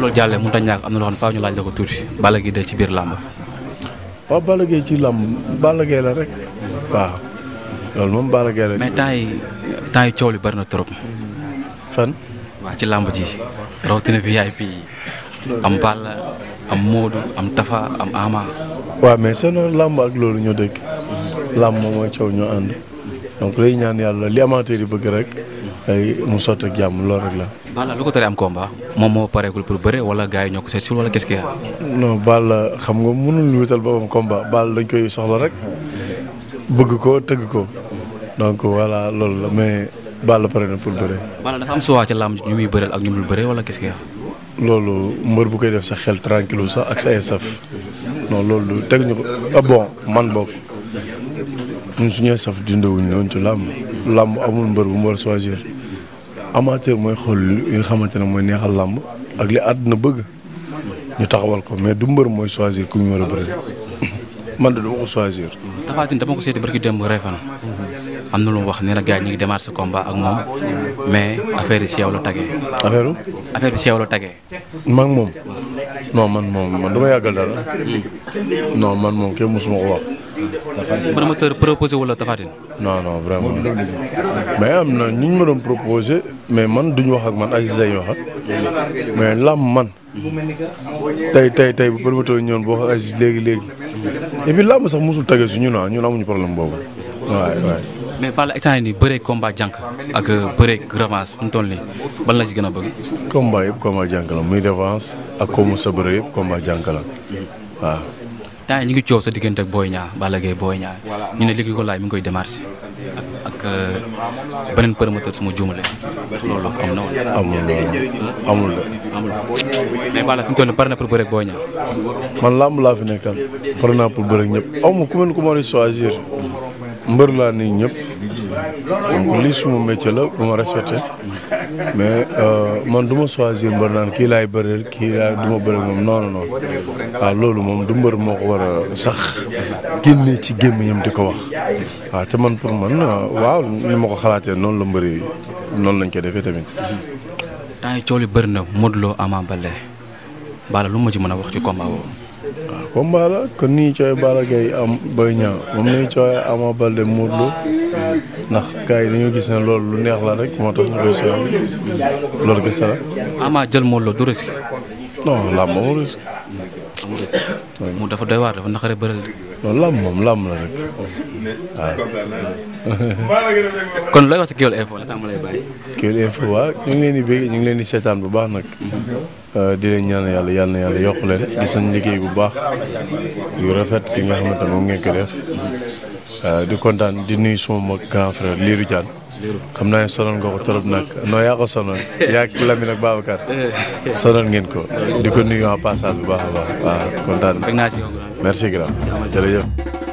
bu loolu jàllee mënut a ñàkk am na loo xam ne ñu laaj la ko tuuti Balla Gaye de ci biir làmb. waaw Balla Gaye ci làmb Balla Gaye la rek waaw loolu moom Balla Gaye la. mais temps yi temps yi coow li bari na trop. fan. ci làmb ji rawatina VIP yi am Balla am Modou am Tafa am Ama. waaw mais seen làmb ak loolu ñoo dëkk làmb moom mooy coow ñoo ànd donc lay ñaan yàlla li amateur yi bëgg rek. mu sotti jàmm loolu rek la. Balla lu ko teree am combat moom moo pareegul pour bëre wala gars yi ñoo ko seet la wala qu'est-ce qu'il y a. non Balla xam nga mënul baal boppam combat koy soxla rek bëgg ko tëgg ko donc voilà loolu la mais Balla pare na pour bëre. Balla am suwaa ci ñu muy bëreel ak ñu muy bëree wala quest loolu mbër bu koy def sa xel tranquille sax ak sa ay no non loolu teg ñu ko ah bon man bokk ñun suñuy saf dundewuñ noonu ci làmb làmb amul mbër bu mu choisir amateur mooy xool li xamante ne mooy neexal làmb ak li àdduna bëgg ñu taxawal ko mais du mbër mooy choisir ku ñu war a bëri man de du ma ko choisir. Tapha Tine dama ko seeti barki démb Réfane am na lu mu wax nee na gars ñu ngi démarrer sa combat ak moom mais affaire yi si yow la tagee. affaire bi affaire la tagee. ma moom. non man moom man dama yàggal dara. non man moom kenn mësuma ko wax. promoteur proposé wala Tapha Tine. non non vraiment mais am na ñu ñu ma doon proposé mais man duñu wax ak man Aziz lay wax ak mais làmb man. tey tey tey bu promoteur ñoon boo wax ak léegi léegi et puis sax mosul tage su ñun ah ñun amuñu problème boobu waaw waaw. mais Balla instant yii nii bëreeg combat jànk ak bëreeg revanche fi mu toll nii ban la ci gën a bëgg. combat yëpp combat jànk la muy revanche ak comme sa bëre yëpp combat jànk la waaw. temps ñu ngi coow sa diggante ak Boy Niang Balla Gaye Boy ñu ne léegi ko laaj mi koy démarché ak ak euh, beneen suma juumale loolu am na woon. amul amul amul mais Balla fi mu toll nii pare na pour bëre ak Boy Niang. man làmb laa fi nekkal pare naa pour bëre ak ñëpp ku mel ku ma choisir. mbër laa ni ñëpp lii suma métier la bu ma respecté mais euh, man du ma mbër naan kii laay bëreel kii laay du ma moom non non waaw ah, loolu moom du mbër moo ko war a sax génne ci gémmiñam di ko wax waaw ah, te man pour man euh, waaw ni ma ko xalaatee noonu la mbër noonu lañ koy defee tamit. temps yi coow li bëri na Modou Lo Ama Baldé Balla lu ma ci mën a wax ci combat boobu. waaw ah, combat la kon ni ñuy cooy Balla Gaye am Boy Niang moom la ñuy am Ama Baldé Modou Lô ndax kay yi dañoo gis ne loolu lu neex la rek moo tax ñu koy sooy loolu gis la. Ama jël Modou Lô du rësi. non làmb amul rësi. mu dafa doy waar dafa naqaree bëri loolu làmb moom làmb la rek waaw. kon looy wax si Kewel Info la ñu ngi leen di seetaan bu baax nag. Euh, di leen ñaan yàlla yàlla na yàlla yokk leen gis nañ liggéey bu baax yu rafet yi nga xamante moom ngeen ko euh, di kontaan di nuyu suma mag grand xam naa ne sonal nga ko trop nag non yaa ko sonal yaa ngeen ko di ko en passant bu baax a baax waaw kontaan. merci grand jërëjëf